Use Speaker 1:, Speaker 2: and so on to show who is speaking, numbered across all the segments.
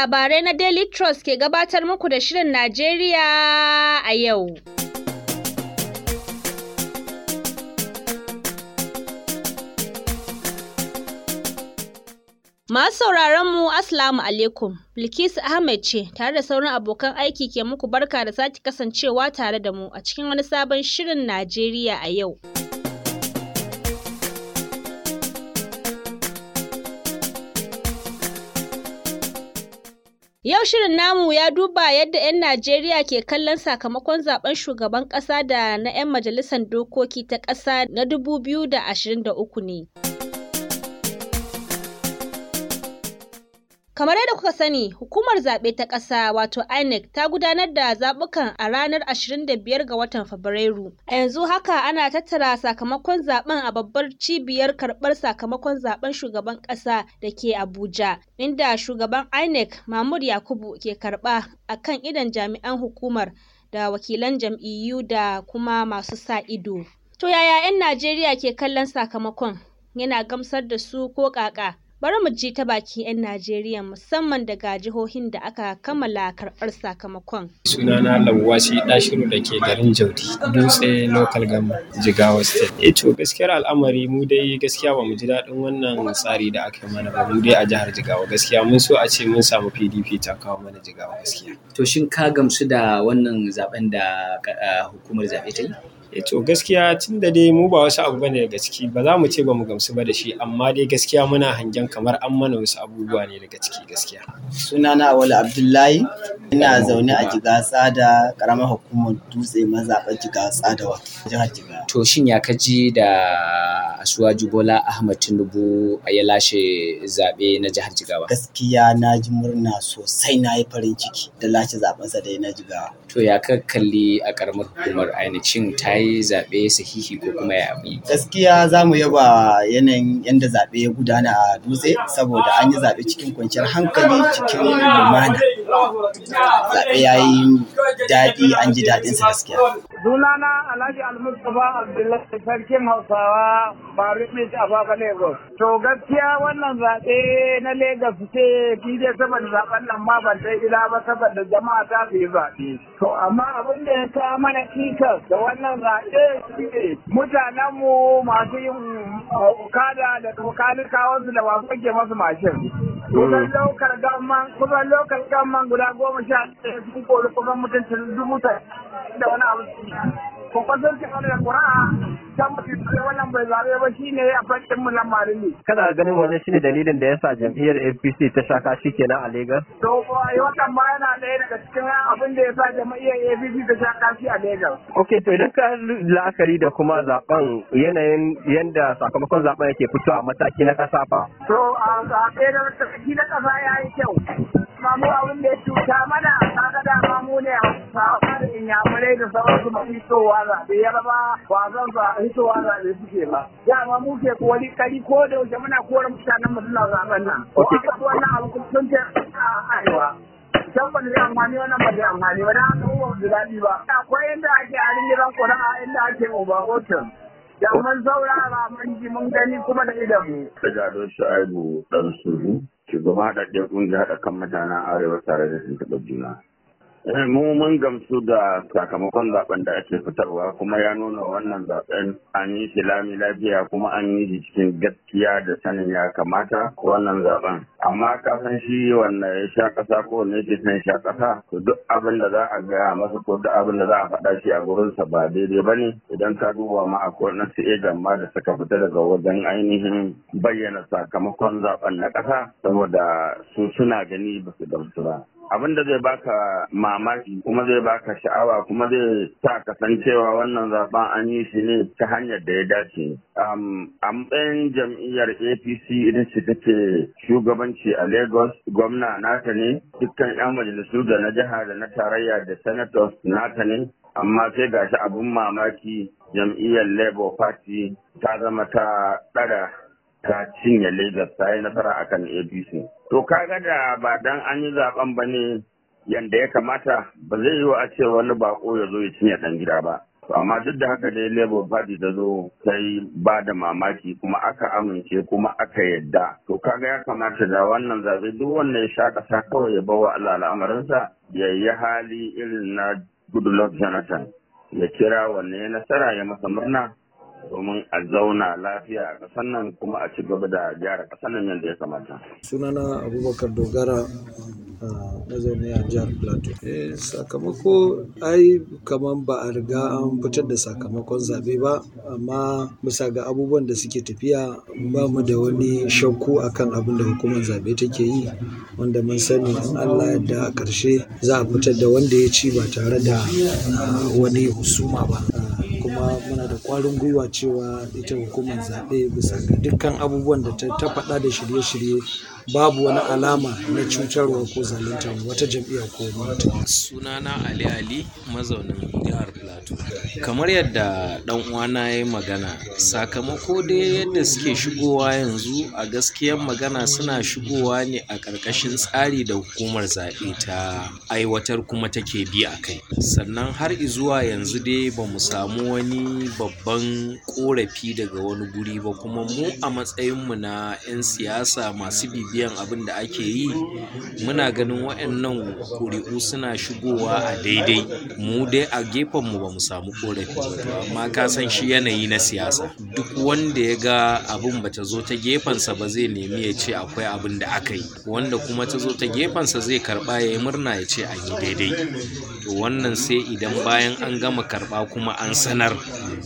Speaker 1: labarai na Daily Trust ke gabatar muku da Shirin Najeriya a yau. Masu sauraron mu aslamu alaikum. Bilkisu Ahmed ce tare da sauran abokan aiki ke muku barka da sake kasancewa tare da mu a cikin wani sabon shirin Najeriya a yau. Yau shirin namu ya duba yadda 'yan Najeriya ke kallon sakamakon zaben shugaban ƙasa da na 'yan majalisar dokoki ta ƙasa na 2023 ne. Kamar yadda kuka sani, hukumar zaɓe ta ƙasa wato INEC ta gudanar da zaɓukan a ranar 25 ga watan Fabrairu. A yanzu haka ana tattara sakamakon zaɓen a babbar cibiyar karɓar sakamakon zaɓen shugaban ƙasa da ke Abuja, inda shugaban INEC Mahmud Yakubu ke karɓa a kan idon jami'an hukumar da wakilan jam'iyyu da kuma masu sa ido. To yaya 'yan Najeriya ke kallon sakamakon? Yana gamsar da su ko ƙaƙa? bari mu ji ta bakin 'yan Najeriya musamman daga jihohin da aka kammala karɓar sakamakon.
Speaker 2: Sunana Lawasi Dashiru da ke garin Jaudi, Dutse Local Gama, Jigawa State. E to gaskiyar al'amari mu dai gaskiya ba mu ji daɗin wannan tsari da aka yi mana ba mu dai a jihar Jigawa gaskiya mun so a ce mun samu PDP ta kawo mana Jigawa gaskiya. To shin ka gamsu da wannan zaben da eh, hukumar zaɓe ta yi? ya eh, to gaskiya tun da dai mu ba wasu abu bane daga ciki ba za mu ce ba mu gamsu ba da shi amma dai gaskiya muna hangen kamar an mana wasu abubuwa ne daga ciki gaskiya. Sunana Auwalu Abdullahi
Speaker 3: ina zaune a Jiga da karamar hukumar Dutse mazaɓar Jigawa Tsadawa jihar jiga
Speaker 2: To shin ya ka da Asuwaju Bola Ahmad Tinubu a ya lashe zaɓe na jihar Jigawa?
Speaker 3: Gaskiya na ji murna sosai na yi farin ciki da lashe zaɓensa da na Jigawa.
Speaker 2: To ya ka kalli a karamar hukumar ainihin ta yi yi zaɓe sahihi ko
Speaker 3: kuma ya abu gaskiya za mu yaba yanayin yadda zaɓe ya gudana a dutse saboda an yi zaɓe cikin kwanciyar hankali cikin lumana
Speaker 2: zaɓe ya yi
Speaker 3: daɗi an ji daɗinsa gaskiya
Speaker 4: Sunana Alhaji Almustapha Abdullahi Sarkin Hausawa ba a a Lagos. To gaskiya wannan zaɓe na Lagos ce kije saboda zaɓen nan ma ban ta ila ba saboda jama'a ta fi zaɓe. To amma abin da ya sa mana kika da wannan zaɓe shi ne mutanenmu masu yin eh, okada da tukanin da masu masu mashin. Kusan hmm. lokar gamman kusan guda goma sha ɗaya sun koli kusan mutum dubu da wani abu. Kuma sun ci wani da can ba wannan bai zabe ba shine ya mu lamarin ne
Speaker 3: kana ganin wannan shine dalilin da ya sa jam'iyyar APC ta sha kashi kenan a Legas?
Speaker 4: to wannan ma yana ɗaya daga cikin abin da ya sa jam'iyyar APC ta sha kashi a Legas.
Speaker 3: Ok, to idan ka la'akari da kuma zaben yanayin yanda sakamakon zaben yake fito a mataki na kasa fa
Speaker 4: to a zabe da mataki na kasa yayi kyau mamu abin da ya cuta mana kaga dama mu ne hausawa da inyamurai da sauransu ba fitowa zaɓe yarba ba zan za fitowa zaɓe suke ba ma mu ke wani kari ko da wuce muna koren mutanen mu suna zaɓen nan ko aka ci wannan abu kuma sun ce a arewa can ba da amfani wannan ba da amfani ba na haka ba da daɗi ba akwai inda ake a ringiran a inda ake uba otin da mun saurara mun ji mun gani
Speaker 3: kuma da idan mu. Daga don sha'ibu ɗan shugaba ɗaya ƙungiyar haɗa kan mutanen arewa tare da tuntuɓar juna. Eh, mu mun gamsu da sakamakon zaben da ake fitarwa kuma ya nuna wannan zaben an yi shi lami lafiya kuma an yi shi cikin gaskiya da sanin ya kamata wannan zaben amma ka san shi wannan ya sha kasa ko ne ke san sha kasa to duk abin da za a gaya masa ko duk abin da za a faɗa shi a gurin sa ba daidai ba ne. idan ka duba ma a na su ma da suka fita daga wajen ainihin bayyana sakamakon zaben na kasa saboda su suna gani ba su gamsu ba abin da zai baka mamaki kuma zai baka sha'awa kuma zai sa kasancewa wannan zaben an yi shi ne ta hanyar da ya dace a matsayin jam'iyyar apc idan shi take shugabanci a lagos gwamna nata ne dukkan 'yan majalisu da na jiha da na tarayya da senators nata ne amma sai gashi abin mamaki jam'iyyar labour party ta zama ta ɗara ta cinye Legas ta yi nasara a kan APC. To kaga da ba dan an yi zaben ba ne yadda ya kamata ba zai yi wa a ce wani bako ya zo ya cinye dan gida ba. amma duk da haka dai Labour Party ta zo ta yi ba da mamaki kuma aka amince kuma aka yadda. To kaga ya kamata da wannan zaɓe duk wanda ya sha ƙasa kawai ya bawa Allah al'amarinsa ya yi hali irin na Goodluck Jonathan ya kira wanne ya nasara ya masa murna domin a zauna lafiya a ƙasar nan kuma a ci gaba da gyara ƙasar nan yadda ya kamata.
Speaker 2: Sunana Abubakar Dogara mazauniyar jihar Plateau. Eh, sakamako ai kaman ba a riga an fitar da sakamakon zaɓe ba, amma bisa
Speaker 1: ga abubuwan da
Speaker 2: suke tafiya ba mu da wani shakku akan abin da hukumar zaɓe take yi, wanda mun sani in Allah yadda a ƙarshe za a fitar da wanda ya ci ba tare da ah, wani husuma ba. kuma muna da kwarin gwiwa cewa ita hukumar zaɓe bisa ga dukkan abubuwan da ta faɗa da shirye-shirye babu wani alama na cutarwa ko zalunta wata jam'iyya ko Suna Sunana Ali Ali mazaunin jihar Plateau. Kamar yadda ɗan uwana ya yi magana, sakamako dai yadda suke shigowa yanzu a gaskiyar magana suna shigowa ne a ƙarƙashin tsari da hukumar zaɓe ta aiwatar kuma take bi a kai. Sannan har izuwa yanzu dai ba mu samu wani babban ƙorafi daga wani guri ba kuma mu a matsayinmu na 'yan siyasa masu bibiya biyan abin da ake yi muna ganin waɗannan ƙuri'u suna shigowa a daidai mu dai a gefen mu ba mu samu ƙorafi ba amma ka san shi yanayi na siyasa duk wanda ya ga abin ba ta zo ta gefensa ba zai nemi ya ce akwai abin da aka yi wanda kuma ta zo ta gefensa zai karɓa ya yi murna ya ce an yi daidai to wannan sai idan bayan an gama karba kuma an sanar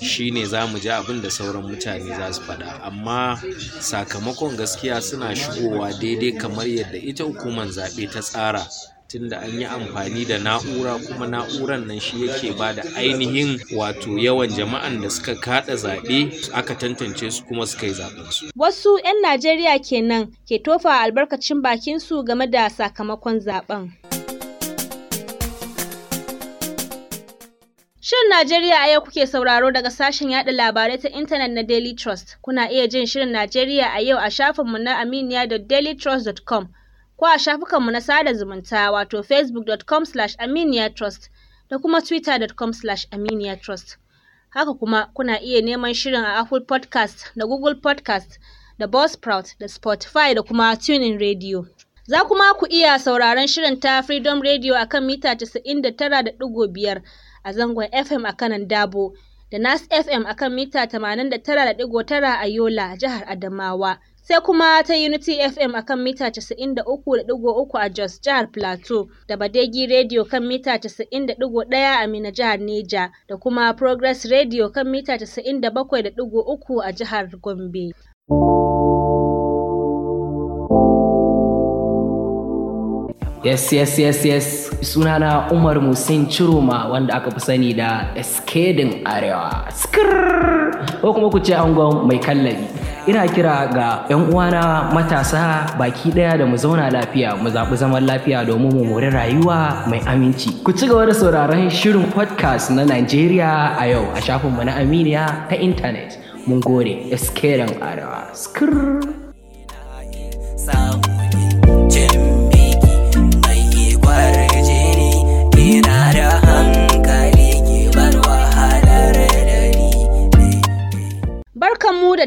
Speaker 2: shi ne za mu ji abin da sauran mutane za su faɗa amma sakamakon gaskiya suna shigowa daidai kamar yadda ita hukumar zaɓe ta tsara tunda an yi amfani da na'ura kuma na'uran nan shi yake ba da ainihin wato yawan jama'an da suka kada zaɓe aka tantance su kuma suka yi zaɓen su.
Speaker 1: Wasu 'yan Najeriya kenan ke tofa albarkacin bakin su game da sakamakon zaɓen. Shirin Najeriya a yau kuke sauraro daga sashen yada labarai ta intanet na Daily Trust. Kuna iya jin Shirin Najeriya a yau a shafinmu na aminiya.dailytrust.com ko a shafukanmu na sada zumunta wato facebookcom aminiyatrust da kuma twittercom aminiyatrust Haka kuma kuna iya neman shirin a Apple Podcast da Google Podcast da Buzzsprout da Spotify da kuma Tuning Radio. Za kuma ku iya sauraron shirin ta Freedom Radio a kan mita 99.5 a zangon FM a kanan Dabo da Nas FM a kan mita 89.9 a Yola, jihar Adamawa. Sai kuma ta Unity FM a kan mita 93.3 a Jos, jihar Plateau, da Badegi Radio kan mita 90.1 a Mina, jihar Neja, da kuma Progress Radio kan mita 97.3 a jihar Gombe.
Speaker 2: Yes, yes, yes, yes. sunana Umar Musin Ciroma wanda aka fi sani da Eskedin Arewa.
Speaker 5: Skirr! Ko
Speaker 2: kuma ku ce angon mai kallabi. Ina kira ga 'yan uwana matasa baki ɗaya da mu zauna lafiya mu zaɓi zaman lafiya domin mu more rayuwa mai aminci. Ku ci gaba da sauraron shirin podcast na Najeriya a yau a shafinmu na Aminiya ta intanet. Mun gode, Eskedin Arewa.
Speaker 3: Skirr!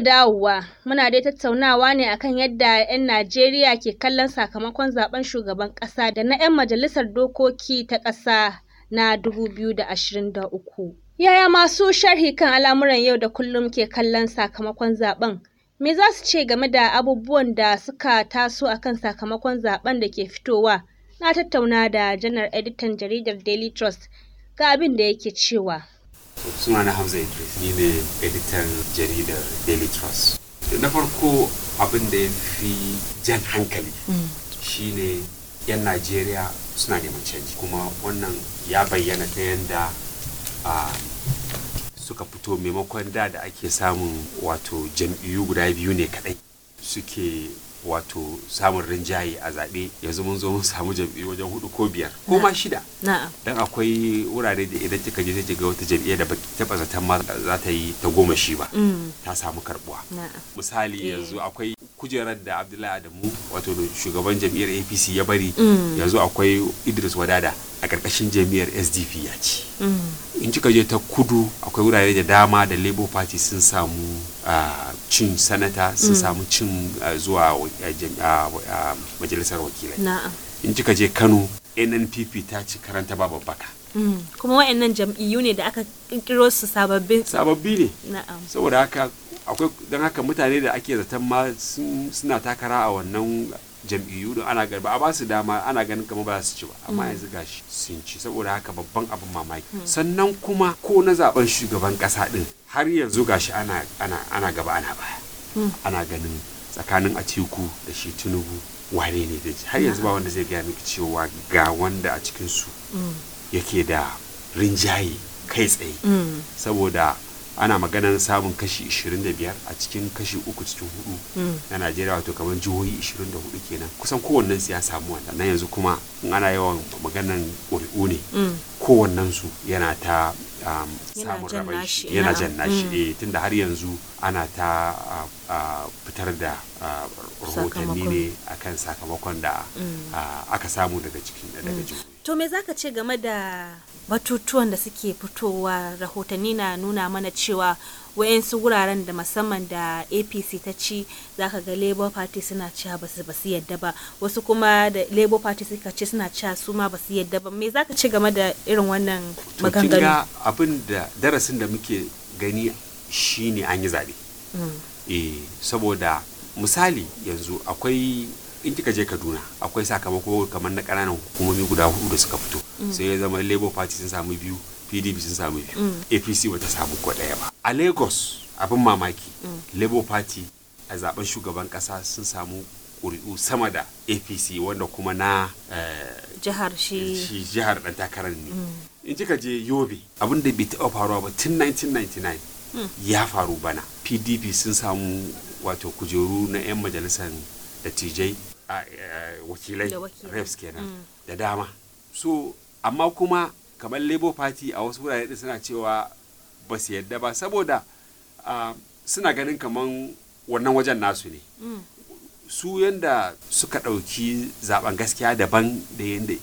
Speaker 1: da dawowa, muna dai tattaunawa ne akan yadda 'yan Najeriya ke kallon sakamakon zaben shugaban ƙasa da na 'yan majalisar dokoki ta ƙasa na 2023. Yaya masu sharhi kan al'amuran yau da kullum ke kallon sakamakon zaben? Me za su ce game da abubuwan da suka taso akan sakamakon zaben da ke fitowa? Na tattauna da janar editan jaridar Daily Trust ga abin da yake cewa.
Speaker 6: suna na hamza idris ni ne editan jaridar daily trust na farko abin da ya fi jan hankali mm. shi ne yan najeriya suna neman canji kuma wannan ya bayyana ta yadda suka fito maimakon da da ake samun wato jam'iyyu guda biyu ne kadai suke wato samun rinjaye a zaɓe yanzu mun zo mun samu jam'i wajen hudu ko biyar ko ma shida dan akwai wurare da idan kika je sai ga wata jam'iyya da ba taba zaton ma za ta yi ta goma shi ba mm. ta samu karbuwa misali eh. yanzu akwai kujerar da Abdullahi Adamu wato shugaban jam'iyyar APC ya bari mm. yanzu akwai Idris Wadada a karkashin jam'iyyar SDP ya ci
Speaker 5: mm.
Speaker 6: in kika je ta kudu akwai wurare da dama da Labour Party sun samu cin sanata sun mm. samu cin zuwa majalisar wakilai in kika je kano nnpp ta ci karanta ba babbaka
Speaker 1: mm. kuma wa'annan jam'iyyu ne da aka kirkiro su sababbi sababbi ne saboda
Speaker 6: haka akwai don haka mutane da ake zaton ma suna takara a wannan jam'iyyu da ana ba a ba dama ana ganin kamar ba su ci ba amma mm. yanzu gashi sun ci saboda haka babban abin mamaki mm. sannan kuma ko na zaben shugaban kasa din har yanzu gashi ana ana ana gaba ana baya mm. ana ganin tsakanin Atiku da shi Tinubu wane ne da har yanzu ba wanda zai gaya miki cewa ga wanda a cikin su yake da rinjaye kai tsaye saboda ana maganar samun kashi 25 a cikin kashi uku cikin hudu hmm. na najeriya wato kamar jihohi 24 kenan kusan kowanne su ya samu wanda na yanzu kuma in ana yawan maganan ƙuri'u ne hmm. kowannen su yana ta um,
Speaker 5: samun rabai yana jan nashi hmm.
Speaker 6: eh, tunda har yanzu ana ta uh, uh, fitar da uh, rahotanni ne akan sakamakon da aka samu daga cikin daga jihohi
Speaker 1: to me zaka ce game da batutuwan da suke fitowa rahotanni na nuna mana cewa wayansu wuraren da musamman da apc ta ci zaka ga labour party suna cewa ba su yadda ba wasu kuma da labour party suka ce suna cewa su ma ba su yadda ba me zaka ci game da irin wannan maganganu
Speaker 6: abin da darasin da muke gani shine an yi zabe mm. eh saboda misali yanzu akwai in kika je kaduna akwai sakamako kamar na ƙananan hukumomi guda hudu da suka fito mm. sai ya zama labour party sun samu biyu pdp sun samu biyu mm. apc bata samu ko ɗaya ba a lagos abin mamaki mm. labour party a zaben shugaban ƙasa sun samu ƙuri'u sama da apc wanda kuma na eh, jihar shi jihar ɗan takarar ne in kika je yobe abin da bai taɓa faruwa ba tun 1999 ya faru bana pdp sun samu wato kujeru na 'yan majalisar dattijai wakilai refs kenan mm. da dama so amma kuma kamar labour party a wasu wurare suna cewa ba su yadda ba saboda suna ganin kamar wannan wajen nasu ne mm. su yadda suka ɗauki zaben gaskiya daban da yadda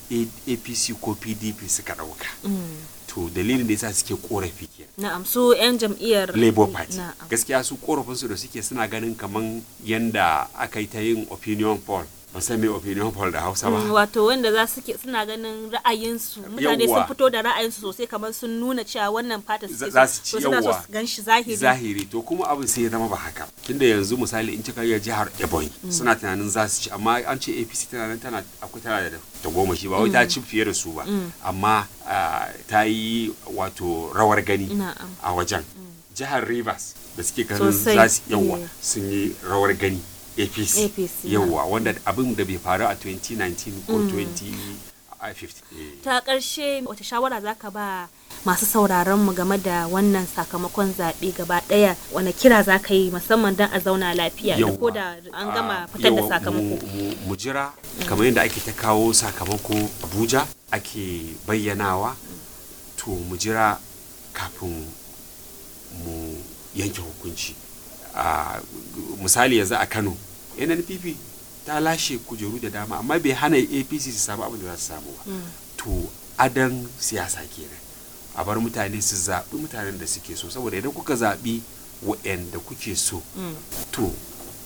Speaker 6: apc ko pdp suka ɗauka mm. to dalilin da yasa suke korafi ke
Speaker 1: na'am su yan jam'iyyar labour party
Speaker 6: gaskiya su korafin su da suke suna ganin kaman yanda aka yi ta yin opinion poll ba san me opinion poll da Hausa ba mm,
Speaker 1: wato wanda za su ke suna ganin ra'ayinsu mutane sun fito da ra'ayinsu sosai kamar sun nuna cewa wannan fata su za su ci yawa gan shi zahiri zahiri
Speaker 6: to kuma abin sai ya zama ba haka tunda yanzu misali in cika ga jihar Ebonyi mm. suna tunanin za su ci amma an ce APC tana nan tana akwai tana da ta goma shi ba wai ta mm. ci fiye da su ba amma ta yi wato rawar gani a wajen jihar Rivers da suke ganin za su yawa eh. sun yi rawar gani apc, APC yawwa wanda abin da bai faru a 2019 ko 2015 mm. eh.
Speaker 1: ta ƙarshe wata shawara za ka ba masu sauraron mu game da wannan sakamakon zaɓe gaba ɗaya wani kira za ka yi musamman don a zauna lafiya da ko da an gama ah, fitar da sakamako
Speaker 6: mu jira kamar yadda ake ta kawo sakamako abuja ake bayyanawa to mu jira kafin mu yanke hukunci misali yanzu a kano nnpp ta lashe kujeru da dama amma bai hana apc su samu abin da za su samu ba mm. to adan siyasa kenan a bar mutane su zaɓi mutanen da suke so saboda idan kuka zaɓi waɗanda kuke so mm. to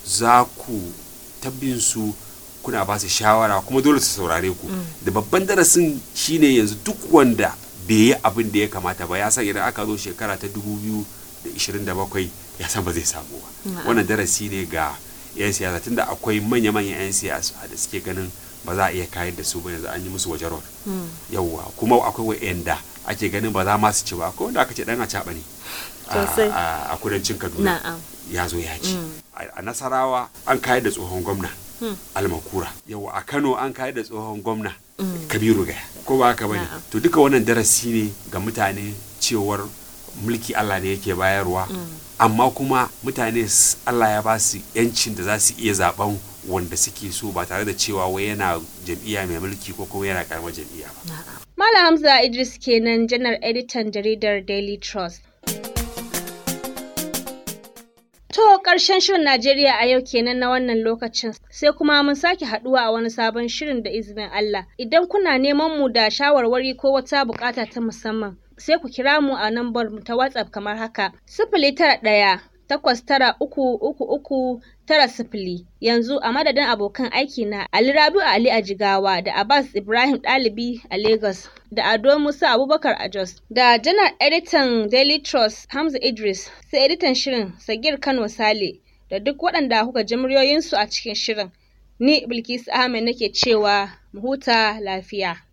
Speaker 6: za ku tabbin su kuna ba su shawara kuma dole su saurare ku mm. da babban darasin shine yanzu duk wanda bai yi abin da ya kamata ba ya san idan aka zo shekara ta 2027 ya san ba zai samu ba wannan darasi ne ga 'yan siyasa tunda akwai manya-manyan 'yan siyasa da suke ganin ba za a iya kayar da su ba yanzu an yi musu waje rod hmm. yawwa kuma akwai wa'anda ake ganin ba za ma su ci ba akwai wanda aka ce dan a caɓa ne a kudancin kaduna ya zo ya ci hmm. a nasarawa an kayar da tsohon gwamna hmm. almakura yawwa a kano an kayar da tsohon gwamna kabiru gaya ko ba haka bane to duka wannan darasi ne ga mutane cewar mulki allah ne yake bayarwa amma kuma mutane Allah ya ba su yancin da za su iya zaben wanda suke so ba tare da cewa wai yana jam'iyya mai mulki ko kuma yana karamar jam'iyya ba.
Speaker 1: Malam Hamza Idris kenan janar editan jaridar Daily Trust. To ƙarshen shirin Najeriya a yau kenan na wannan lokacin sai kuma mun sake haɗuwa a wani sabon shirin da izinin Allah. Idan kuna neman mu da shawarwari ko wata bukata ta musamman sai ku kira mu a nambar ta WhatsApp kamar haka. Sifili tara ɗaya takwas tara uku uku uku tara sifili yanzu a madadin abokan aiki na Ali Rabi'u Ali a Jigawa da Abbas Ibrahim Ɗalibi a Lagos da Ado Musa Abubakar a Jos da janar editan Daily Trust Hamza Idris sai editan shirin Sagir Kano Sale da duk waɗanda kuka ji muryoyinsu a cikin shirin. Ni Bilkisu Ahmed nake cewa mu huta lafiya.